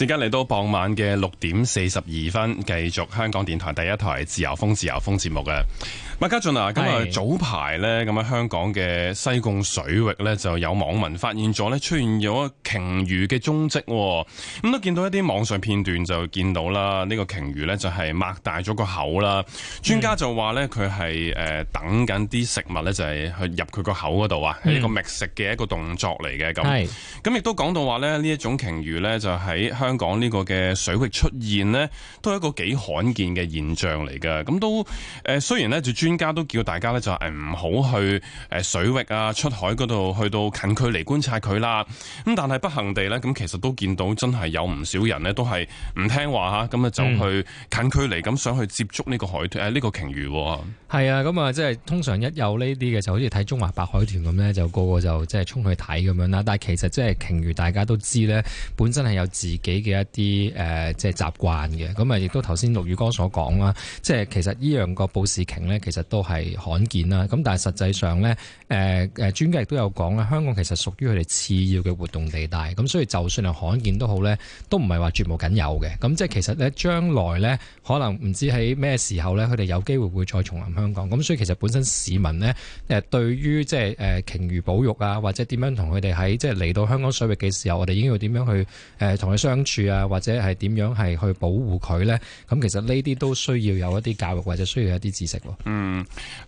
時間嚟到傍晚嘅六點四十二分，繼續香港電台第一台《自由風》自由風節目嘅。麥家俊啊，咁啊早排咧，咁喺是香港嘅西貢水域咧，就有網民發現咗咧，出現咗鯨魚嘅蹤跡，咁都見到一啲網上片段就見到啦，呢、這個鯨魚咧就係擘大咗個口啦，專家就話咧佢係誒等緊啲食物咧，就係去入佢個口嗰度啊，係一個覓食嘅一個動作嚟嘅咁，咁亦都講到話咧呢一種鯨魚咧就喺香港呢個嘅水域出現呢，都係一個幾罕見嘅現象嚟噶，咁都誒雖然咧最專家都叫大家咧，就係唔好去誒水域啊、出海嗰度去到近距離觀察佢啦。咁但係不幸地咧，咁其實都見到真係有唔少人呢都係唔聽話嚇，咁啊就去近距離咁想去接觸呢個海豚誒呢、啊呢個鯨魚。係啊，咁啊即係通常一有呢啲嘅，就好似睇中華白海豚咁咧，就個個就即係衝去睇咁樣啦。但係其實即係鯨魚，大家都知咧，本身係有自己嘅一啲誒即係習慣嘅。咁啊，亦都頭先陸宇哥所講啦，即係其實呢樣個布氏鯨咧，其實。都係罕見啦，咁但係實際上呢，誒、呃、誒，專家亦都有講啦，香港其實屬於佢哋次要嘅活動地帶，咁所以就算係罕見都好呢，都唔係話絕無僅有嘅，咁即係其實呢，將來呢，可能唔知喺咩時候呢，佢哋有機會會再重臨香港，咁所以其實本身市民呢，誒、呃，對於即係誒鯨魚保育啊，或者點樣同佢哋喺即係嚟到香港水域嘅時候，我哋應該要點樣去誒同佢相處啊，或者係點樣係去保護佢呢？咁其實呢啲都需要有一啲教育，或者需要一啲知識喎、啊。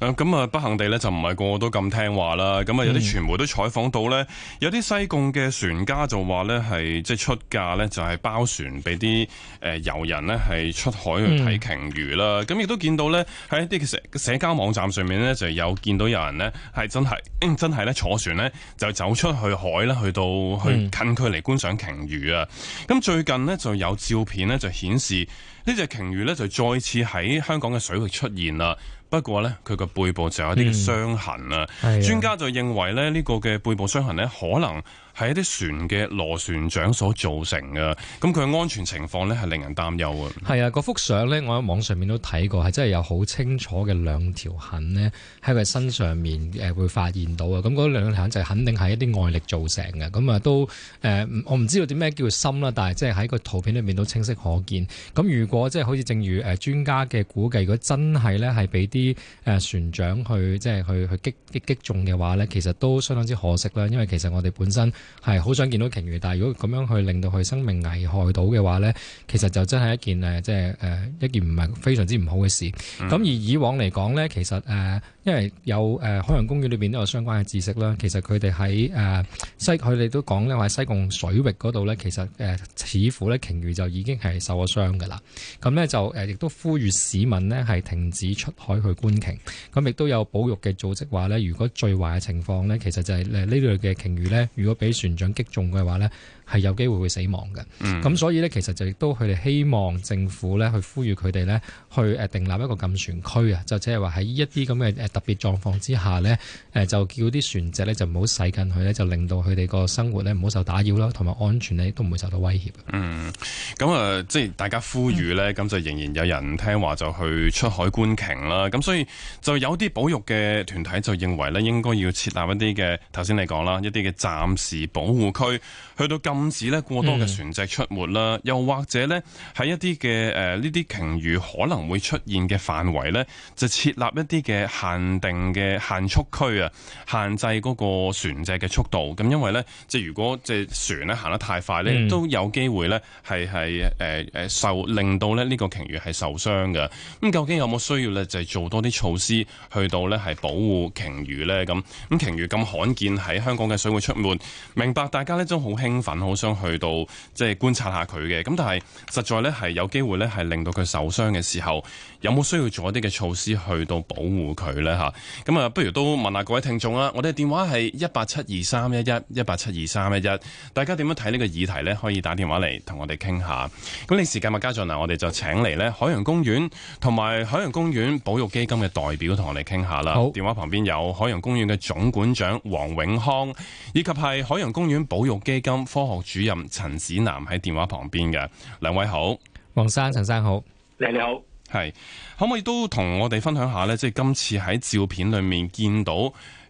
嗯，咁啊，不幸地咧就唔係個個都咁聽話啦。咁啊，有啲傳媒都採訪到呢，嗯、有啲西貢嘅船家就話呢，係即係出價呢，就係、是、包船俾啲誒遊人呢，係出海去睇鯨魚啦。咁亦、嗯嗯、都見到呢，喺啲社交網站上面呢，就有見到有人呢，係真係真係咧坐船呢，就走出去海呢，去到去近距離觀賞鯨魚啊。咁、嗯嗯、最近呢，就有照片呢，就顯示呢隻鯨魚呢，就再次喺香港嘅水域出現啦。不過呢，佢個背部就有一啲傷痕、嗯、啊！專家就認為呢，呢、呢個嘅背部傷痕呢，可能係一啲船嘅螺旋槳所造成嘅。咁佢嘅安全情況呢，係令人擔憂嘅。係啊，嗰幅相呢，我喺網上面都睇過，係真係有好清楚嘅兩條痕呢，喺佢身上面誒會發現到啊！咁嗰兩條痕就肯定係一啲外力造成嘅。咁啊都誒、呃，我唔知道點咩叫深啦，但係即係喺個圖片裏面都清晰可見。咁如果即係好似正如誒專家嘅估計，如果真係呢，係俾啲啲誒船長去即係去去擊擊擊中嘅話呢，其實都相當之可惜啦。因為其實我哋本身係好想見到鯨魚，但係如果咁樣去令到佢生命危害到嘅話呢，其實就真係一件誒即係誒一件唔係非常之唔好嘅事。咁、嗯、而以往嚟講呢，其實誒。呃因為有誒、呃、海洋公園裏邊都有相關嘅知識啦，其實佢哋喺誒西，佢哋都講咧話，喺西貢水域嗰度咧，其實誒、呃、似乎咧鯨魚就已經係受咗傷噶啦。咁咧就誒、呃、亦都呼籲市民呢係停止出海去觀鯨。咁亦都有保育嘅組織話咧，如果最壞嘅情況咧，其實就係呢類嘅鯨魚咧，如果俾船長擊中嘅話咧，係有機會會死亡嘅。咁、嗯、所以咧，其實就亦都佢哋希望政府咧去呼籲佢哋咧去誒訂立，立一個禁船區啊，就即係話喺一啲咁嘅特別狀況之下呢，誒、呃、就叫啲船隻呢，就唔好駛近佢呢就令到佢哋個生活呢，唔好受打擾啦，同埋安全呢，都唔會受到威脅。嗯，咁啊、呃，即係大家呼籲呢，咁、嗯、就仍然有人聽話就去出海觀鯨啦。咁所以就有啲保育嘅團體就認為呢，應該要設立一啲嘅頭先你講啦，一啲嘅暫時保護區，去到禁止呢過多嘅船隻出沒啦，嗯、又或者呢，喺一啲嘅誒呢啲鯨魚可能會出現嘅範圍呢，就設立一啲嘅限。唔定嘅限速區啊，限制個船隻嘅速度。咁因為咧，即係如果即係船咧行得太快咧，都有機會咧係係誒誒受令到咧呢個鯨魚係受傷嘅。咁、嗯、究竟有冇需要咧，就係、是、做多啲措施去到咧係保護鯨魚咧？咁，咁鯨魚咁罕見喺香港嘅水域出沒，明白大家咧都好興奮，好想去到即係觀察下佢嘅。咁但係實在咧係有機會咧係令到佢受傷嘅時候，有冇需要做一啲嘅措施去到保護佢咧？吓，咁啊，不如都問下各位聽眾啦。我哋電話係一八七二三一一一八七二三一一，大家點樣睇呢個議題呢？可以打電話嚟同我哋傾下。咁，你時間麥家俊我哋就請嚟咧海洋公園同埋海洋公園保育基金嘅代表同我哋傾下啦。好電話旁邊有海洋公園嘅總館長黃永康，以及係海洋公園保育基金科學主任陳梓南喺電話旁邊嘅。兩位好，黃生陳生好，你好。係，可唔可以都同我哋分享下呢？即係今次喺照片裏面見到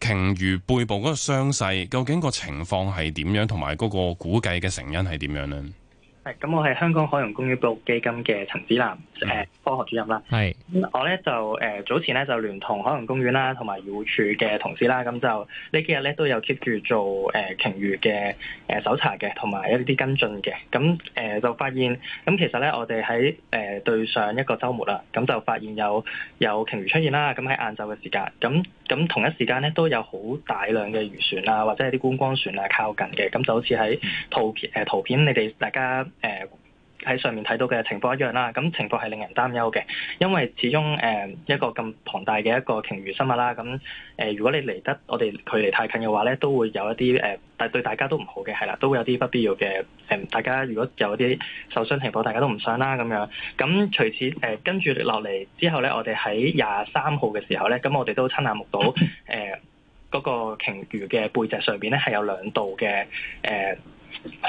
鯨魚背部嗰個傷勢，究竟個情況係點樣？同埋嗰個估計嘅成因係點樣呢？咁我係香港海洋公園保育基金嘅陳梓南，誒、嗯呃、科學主任啦。係是，我咧就誒、呃、早前咧就聯同海洋公園啦，同埋漁護署嘅同事啦，咁就幾呢幾日咧都有 keep 住做誒、呃、鯨魚嘅誒、呃、搜查嘅，同埋一啲跟進嘅。咁、呃、誒就發現，咁其實咧我哋喺誒對上一個週末啦，咁、嗯、就發現有有鯨魚出現啦。咁喺晏晝嘅時間，咁咁同一時間咧都有好大量嘅漁船啊，或者係啲觀光船啊靠近嘅。咁就好似喺圖片誒圖片，呃、圖片你哋大家，誒喺、呃、上面睇到嘅情況一樣啦，咁、嗯、情況係令人擔憂嘅，因為始終誒、呃、一個咁龐大嘅一個鯨魚生物啦，咁、嗯、誒、呃、如果你離得我哋距離太近嘅話咧，都會有一啲誒對對大家都唔好嘅，係啦，都會有啲不必要嘅誒、呃，大家如果有啲受傷情況，大家都唔想啦咁樣。咁、嗯、除此誒跟住落嚟之後咧，我哋喺廿三號嘅時候咧，咁、嗯、我哋都親眼目睹誒嗰、呃那個鯨魚嘅背脊上邊咧係有兩道嘅誒、呃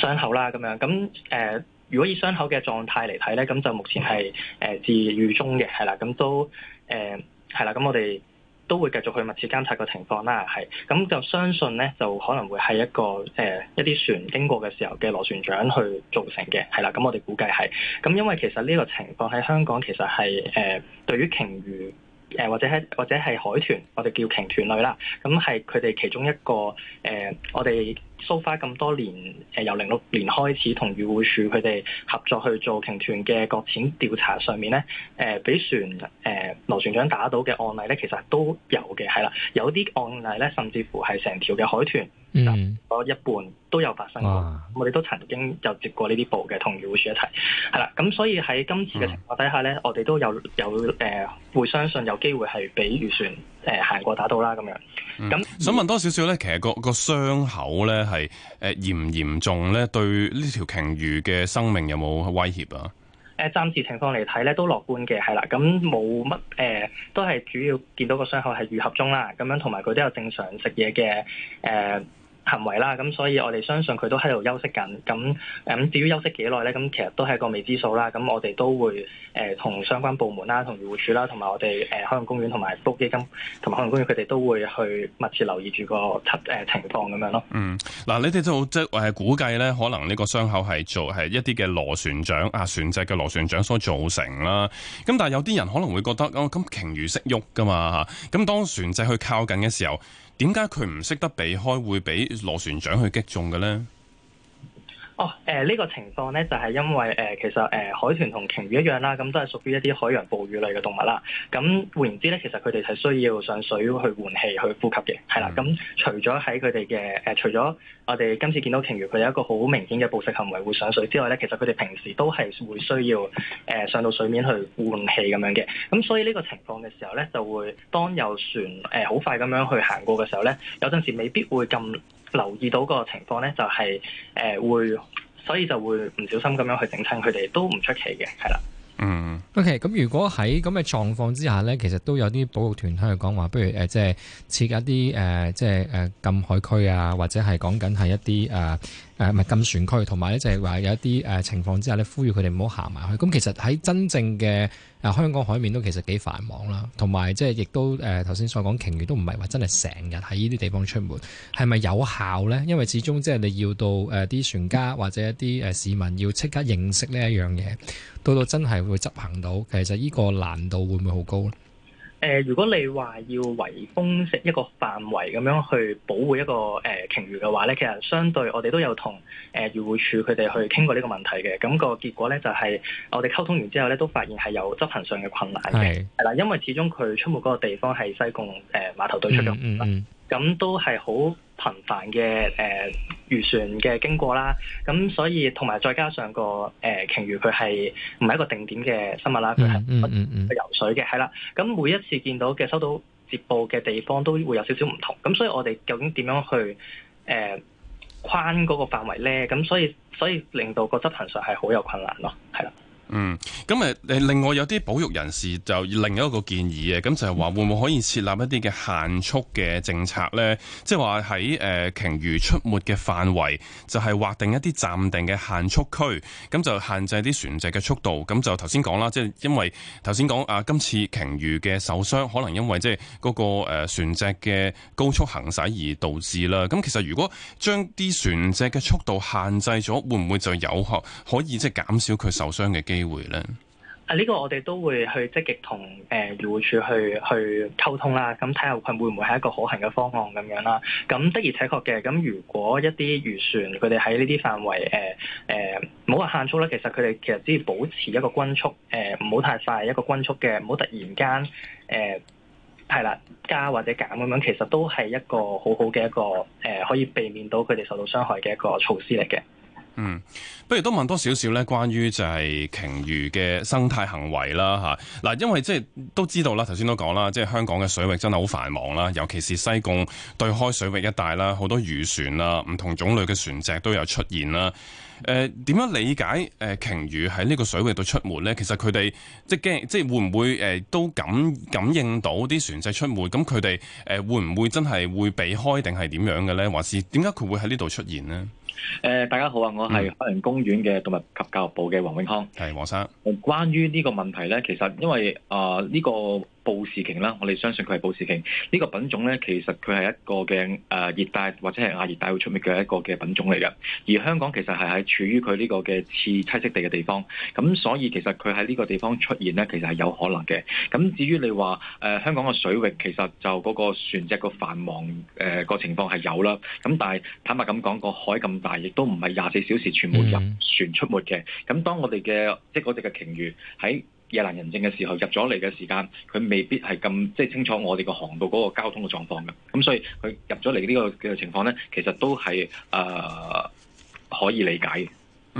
傷口啦咁樣，咁、呃、誒，如果以傷口嘅狀態嚟睇咧，咁就目前係誒自癒中嘅，係啦，咁都誒係啦，咁、呃、我哋都會繼續去密切監察個情況啦，係，咁就相信咧就可能會係一個誒、呃、一啲船經過嘅時候嘅螺旋槳去造成嘅，係啦，咁我哋估計係，咁因為其實呢個情況喺香港其實係誒、呃、對於鯨魚誒、呃、或者係或者係海豚，我哋叫鯨豚類啦，咁係佢哋其中一個誒、呃、我哋。收花咁多年，誒由零六年開始同漁護署佢哋合作去做鯨豚嘅擱淺調查上面咧，誒俾船誒螺旋槳打到嘅案例咧，其實都有嘅，係啦，有啲案例咧，甚至乎係成條嘅海豚，嗯，一半都有發生過，我哋都曾經有接過呢啲報嘅，同漁護署一齊，係啦，咁所以喺今次嘅情況底下咧，我哋都有有誒會相信有機會係俾漁船。誒、呃、行過打到啦咁樣，咁、嗯嗯、想問多少少咧？其實、嗰個、嗯、個,個傷口咧係誒嚴唔嚴重咧？對呢條鯨魚嘅生命有冇威脅啊？誒、呃、暫時情況嚟睇咧都樂觀嘅，係啦，咁冇乜誒，都係主要見到個傷口係愈合中啦，咁樣同埋佢都有正常食嘢嘅誒。呃行為啦，咁所以我哋相信佢都喺度休息緊。咁咁至於休息幾耐咧，咁其實都係個未知數啦。咁我哋都會誒同、呃、相關部門啦、同漁護署啦、同埋我哋誒海洋公園同埋福基金同埋海洋公園，佢哋都會去密切留意住個誒情況咁樣咯。嗯，嗱，你哋就即係、就是、估計咧，可能呢個傷口係做係一啲嘅螺旋槳啊，船隻嘅螺旋槳所造成啦。咁但係有啲人可能會覺得，咁咁鯨魚識喐㗎嘛嚇？咁、啊、當船隻去靠近嘅時候。點解佢唔識得避開，會俾螺旋槳去擊中嘅咧？哦，誒呢、oh, 呃這個情況咧就係、是、因為誒、呃、其實誒、呃、海豚同鯨魚一樣啦，咁、嗯、都係屬於一啲海洋哺乳類嘅動物啦。咁、嗯、換言之咧，其實佢哋係需要上水去換氣去呼吸嘅，係啦。咁除咗喺佢哋嘅誒，除咗、呃、我哋今次見到鯨魚佢有一個好明顯嘅捕食行為會上水之外咧，其實佢哋平時都係會需要誒、呃、上到水面去換氣咁樣嘅。咁、嗯、所以呢個情況嘅時候咧，就會當有船誒好、呃、快咁樣去行過嘅時候咧，有陣時未必會咁。留意到個情況咧，就係，就係誒會，所以就會唔小心咁樣去整親佢哋，都唔出奇嘅，係啦。嗯，OK，咁如果喺咁嘅狀況之下咧，其實都有啲保育團喺度講話，不如誒即係設一啲誒即係誒禁海區啊，或者係講緊係一啲誒。呃誒唔、啊、禁船區，同埋咧就係話有一啲誒、呃、情況之下咧，呼籲佢哋唔好行埋去。咁、嗯、其實喺真正嘅誒、呃、香港海面都其實幾繁忙啦，同埋即係亦都誒頭先所講，鯨魚都唔係話真係成日喺呢啲地方出沒，係咪有效咧？因為始終即係你要到誒啲、呃、船家或者一啲誒、呃、市民要即刻認識呢一樣嘢，到到真係會執行到，其實呢個難度會唔會好高咧？誒、呃，如果你話要圍封成一個範圍咁樣去保護一個誒鯨、呃、魚嘅話咧，其實相對我哋都有同誒漁護署佢哋去傾過呢個問題嘅，咁、那個結果咧就係、是、我哋溝通完之後咧都發現係有執行上嘅困難嘅，係啦是，因為始終佢出沒嗰個地方係西貢誒碼頭對出咗、嗯。嗯嗯咁都係好頻繁嘅誒、呃、漁船嘅經過啦，咁所以同埋再加上、那個誒、呃、鯨魚佢係唔係一個定點嘅生物啦，佢係不斷去游水嘅，係啦。咁每一次見到嘅收到接報嘅地方都會有少少唔同，咁所以我哋究竟點樣去誒、呃、框嗰個範圍咧？咁所以所以令到個執行上係好有困難咯，係啦。嗯，咁誒誒，另外有啲保育人士就另一個建議啊，咁就係話會唔會可以設立一啲嘅限速嘅政策咧？即係話喺誒鯨魚出沒嘅範圍就係、是、劃定一啲暫定嘅限速區，咁就限制啲船隻嘅速度。咁就頭先講啦，即、就、係、是、因為頭先講啊，今次鯨魚嘅受傷可能因為即係、就是嗰個誒、呃、船隻嘅高速行駛而導致啦。咁其實如果將啲船隻嘅速度限制咗，會唔會就有可可以即係、就是、減少佢受傷嘅機。機會咧？啊呢個我哋都會去積極同誒、呃、漁護署去去溝通啦，咁睇下佢會唔會係一個可行嘅方案咁樣啦。咁的而且確嘅，咁如果一啲漁船佢哋喺呢啲範圍誒誒，唔好話限速咧，其實佢哋其實只要保持一個均速，誒唔好太快，一個均速嘅，唔好突然間誒係、呃、啦加或者減咁樣，其實都係一個好好嘅一個誒、呃、可以避免到佢哋受到傷害嘅一個措施嚟嘅。嗯，不如都問多少少咧，關於就係鯨魚嘅生態行為啦嚇。嗱、啊，因為即係都知道啦，頭先都講啦，即係香港嘅水域真係好繁忙啦，尤其是西貢對開水域一帶啦，好多漁船啦，唔同種類嘅船隻都有出現啦。誒、啊，點樣理解誒鯨魚喺呢個水域度出沒呢？其實佢哋即係驚，即係會唔會誒都感感應到啲船隻出沒？咁佢哋誒會唔會真係會避開定係點樣嘅呢？還是點解佢會喺呢度出現呢？誒、呃，大家好啊！嗯、我係海洋公園嘅動物及教育部嘅黃永康，係黃生。關於呢個問題咧，其實因為啊呢、呃這個。布氏鯨啦，我哋相信佢係布氏鯨呢個品種咧，其實佢係一個嘅誒熱帶或者係亞熱帶會出沒嘅一個嘅品種嚟嘅。而香港其實係喺處於佢呢個嘅次棲息地嘅地方，咁所以其實佢喺呢個地方出現咧，其實係有可能嘅。咁至於你話誒、呃、香港嘅水域，其實就嗰個船隻個繁忙誒個、呃、情況係有啦。咁但係坦白咁講，個海咁大，亦都唔係廿四小時全部入船出沒嘅。咁當我哋嘅即係嗰隻嘅鯨魚喺，夜闌人靜嘅時候，入咗嚟嘅時間，佢未必係咁即係清楚我哋個航道嗰個交通嘅狀況嘅，咁所以佢入咗嚟呢個嘅情況咧，其實都係誒、呃、可以理解嘅。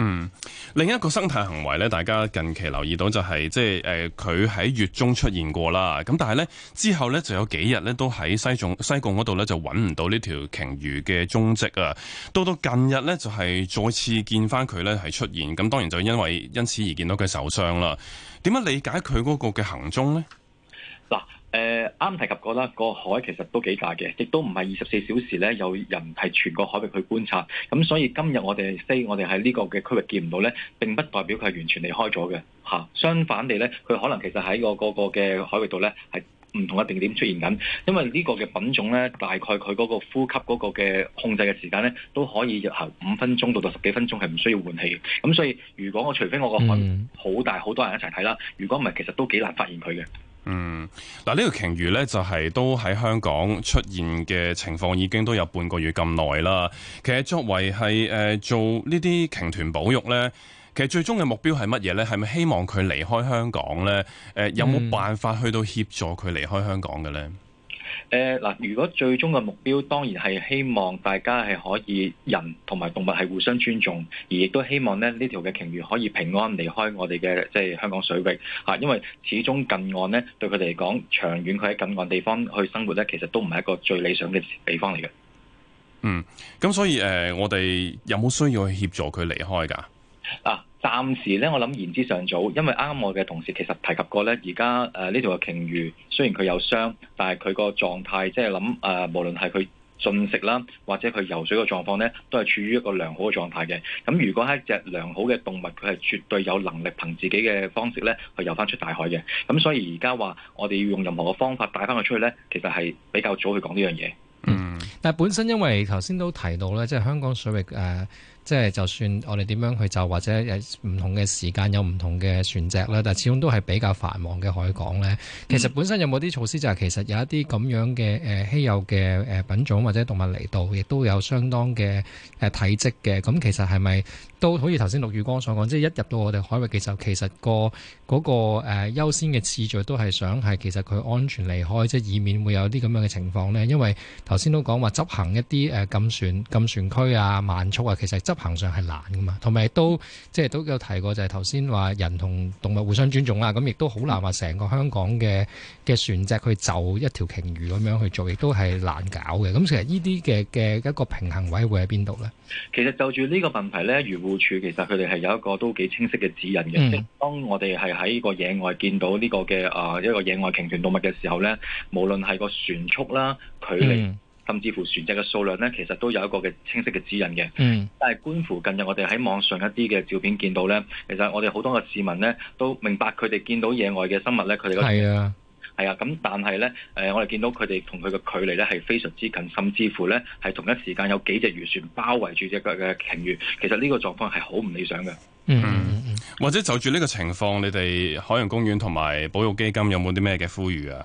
嗯，另一個生態行為咧，大家近期留意到就係、是、即係誒，佢、呃、喺月中出現過啦。咁但係咧之後咧，就有幾日咧都喺西縱西貢嗰度咧就揾唔到呢條鯨魚嘅蹤跡啊。到到近日咧就係、是、再次見返佢咧係出現，咁當然就因為因此而見到佢受傷啦。點樣理解佢嗰個嘅行蹤咧？嗱。啊誒啱、呃、提及過啦，個海其實都幾大嘅，亦都唔係二十四小時咧有人係全個海域去觀察。咁、嗯、所以今日我哋飛，我哋喺呢個嘅區域見唔到咧，並不代表佢係完全離開咗嘅。嚇、啊，相反地咧，佢可能其實喺個個個嘅海域度咧係唔同嘅定點出現緊。因為呢個嘅品種咧，大概佢嗰個呼吸嗰個嘅控制嘅時間咧，都可以由五分鐘到到十幾分鐘係唔需要換氣咁、嗯、所以如果我除非我個海好、嗯、大，好多人一齊睇啦。如果唔係，其實都幾難發現佢嘅。嗯，嗱呢個鯨魚咧就係、是、都喺香港出現嘅情況，已經都有半個月咁耐啦。其實作為係誒、呃、做呢啲鯨豚保育咧，其實最終嘅目標係乜嘢咧？係咪希望佢離開香港咧？誒、呃，有冇辦法去到協助佢離開香港嘅咧？嗯誒嗱、呃，如果最終嘅目標，當然係希望大家係可以人同埋動物係互相尊重，而亦都希望咧，呢條嘅鯨魚可以平安離開我哋嘅即係香港水域吓，啊，因為始終近岸咧，對佢哋嚟講，長遠佢喺近岸地方去生活咧，其實都唔係一個最理想嘅地方嚟嘅。嗯，咁所以誒、呃，我哋有冇需要去協助佢離開噶？啊！暫時咧，我諗言之尚早，因為啱啱我嘅同事其實提及過咧，而家誒呢條嘅鯨魚雖然佢有傷，但係佢個狀態即係諗誒，無論係佢進食啦，或者佢游水嘅狀況咧，都係處於一個良好嘅狀態嘅。咁如果係一隻良好嘅動物，佢係絕對有能力憑自己嘅方式咧去游翻出大海嘅。咁所以而家話我哋要用任何嘅方法帶翻佢出去咧，其實係比較早去講呢樣嘢。嗯，但係本身因為頭先都提到咧，即係香港水域誒。呃即係就算我哋點樣去就或者誒唔同嘅時間有唔同嘅船隻啦，但係始終都係比較繁忙嘅海港咧。其實本身有冇啲措施，就是，就係其實有一啲咁樣嘅誒稀有嘅誒品種或者動物嚟到，亦都有相當嘅誒體積嘅。咁其實係咪都好似頭先陸宇光所講，即係一入到我哋海域嘅時候，其實，個嗰個誒優先嘅次序都係想係其實佢安全離開，即係以免會有啲咁樣嘅情況咧。因為頭先都講話執行一啲誒禁船禁船區啊，慢速啊，其實執，行上係難㗎嘛，同埋都即係都有提過，就係頭先話人同動物互相尊重啊，咁亦都好難話成個香港嘅嘅船隻佢就一條鯨魚咁樣去做，亦都係難搞嘅。咁其實呢啲嘅嘅一個平衡位會喺邊度呢？其實就住呢個問題呢，漁護署其實佢哋係有一個都幾清晰嘅指引嘅。嗯、當我哋係喺個野外見到呢個嘅啊一個野外鯨豚動物嘅時候呢，無論係個船速啦，距離。嗯甚至乎船隻嘅數量呢，其實都有一個嘅清晰嘅指引嘅。嗯。但係觀乎近日，我哋喺網上一啲嘅照片見到呢，其實我哋好多嘅市民呢都明白佢哋見到野外嘅生物呢，佢哋嗰係啊，係啊。咁但係呢，誒、呃，我哋見到佢哋同佢嘅距離呢係非常之近，甚至乎呢係同一時間有幾隻漁船包圍住隻嘅嘅鯨魚。其實呢個狀況係好唔理想嘅。嗯，嗯或者就住呢個情況，你哋海洋公園同埋保育基金有冇啲咩嘅呼籲啊？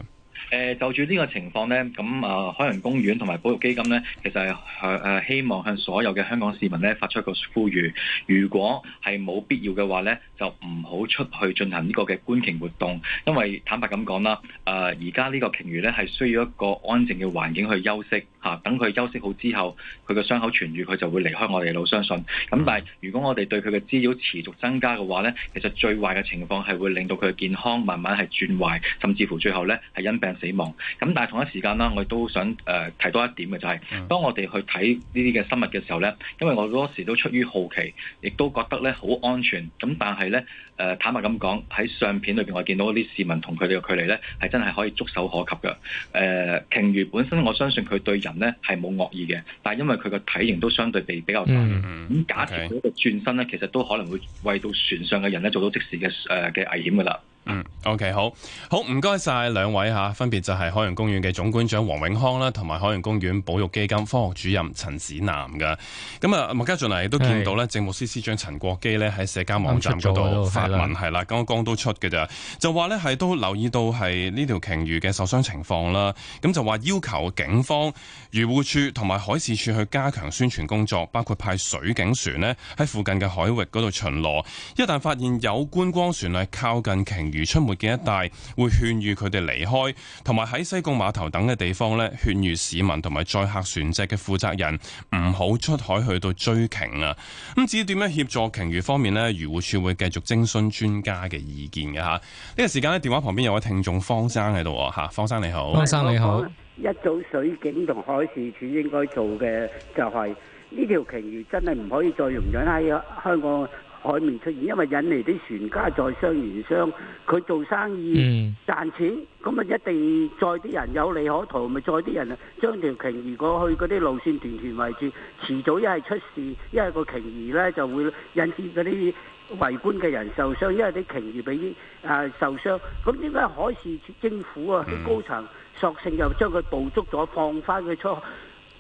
誒、呃、就住呢個情況呢，咁、呃、啊海洋公園同埋保育基金呢，其實係誒、呃、希望向所有嘅香港市民呢發出一個呼籲，如果係冇必要嘅話呢，就唔好出去進行呢個嘅觀鯨活動，因為坦白咁講啦，誒而家呢個鯨魚呢，係需要一個安靜嘅環境去休息嚇、啊，等佢休息好之後，佢嘅傷口痊癒，佢就會離開我哋老，相信。咁但係如果我哋對佢嘅滋擾持續增加嘅話呢，其實最壞嘅情況係會令到佢嘅健康慢慢係轉壞，甚至乎最後呢，係因病。死亡。咁，但係同一時間啦，我哋都想誒、呃、提多一點嘅就係、是，當我哋去睇呢啲嘅生物嘅時候咧，因為我好多時都出於好奇，亦都覺得咧好安全。咁但係咧誒，坦白咁講喺相片裏邊，我見到啲市民同佢哋嘅距離咧係真係可以觸手可及嘅。誒、呃，鯨魚本身我相信佢對人咧係冇惡意嘅，但係因為佢個體型都相對地比較大，咁、嗯嗯、假設佢一個轉身咧，嗯、其實都可能會為到船上嘅人咧做到即時嘅誒嘅危險噶啦。嗯，OK，好好唔該晒兩位吓，啊，分別就係海洋公園嘅總館長黃永康啦，同、啊、埋海洋公園保育基金科學主任陳梓南噶。咁啊，麥家俊亦都見到咧，政是務司司長陳國基咧喺社交網站度發文係啦，剛剛、嗯嗯、都出嘅咋，就話咧係都留意到係呢條鯨魚嘅受傷情況啦。咁就話要求警方、漁護署同埋海事處去加強宣傳工作，包括派水警船咧喺附近嘅海域度巡邏，一旦發現有觀光船係靠近鯨。如出沒嘅一帶，會勸喻佢哋離開，同埋喺西貢碼頭等嘅地方咧，勸喻市民同埋載客船隻嘅負責人唔好出海去到追鯨啦。咁至於點樣協助鯨魚方面咧，漁護署會繼續徵詢專家嘅意見嘅吓。呢、這個時間咧，電話旁邊有位聽眾方生喺度吓，方生你好，方生你好。一早水警同海事處應該做嘅就係呢條鯨魚真係唔可以再容忍喺香港海面出現，因為引嚟啲船家在商言商，佢做生意賺錢，咁咪一定再啲人有利可圖，咪再啲人將條鯨魚過去嗰啲路線團團圍住，遲早一係出事，一係個鯨魚呢就會引致嗰啲圍觀嘅人受傷，一係啲鯨魚俾誒受傷，咁點解海事政府啊啲高層索性又將佢捕捉咗放翻佢出去？.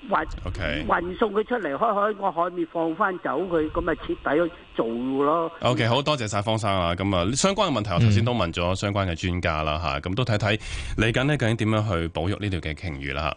運 Okay. 送佢出嚟，開開個海面放翻走佢，咁咪徹底去做咯。O、okay, K，好多謝晒方生啦。咁啊，相關嘅問題、嗯、我頭先都問咗相關嘅專家啦，吓咁都睇睇，嚟緊呢究竟點樣去保育呢條嘅鯨魚啦。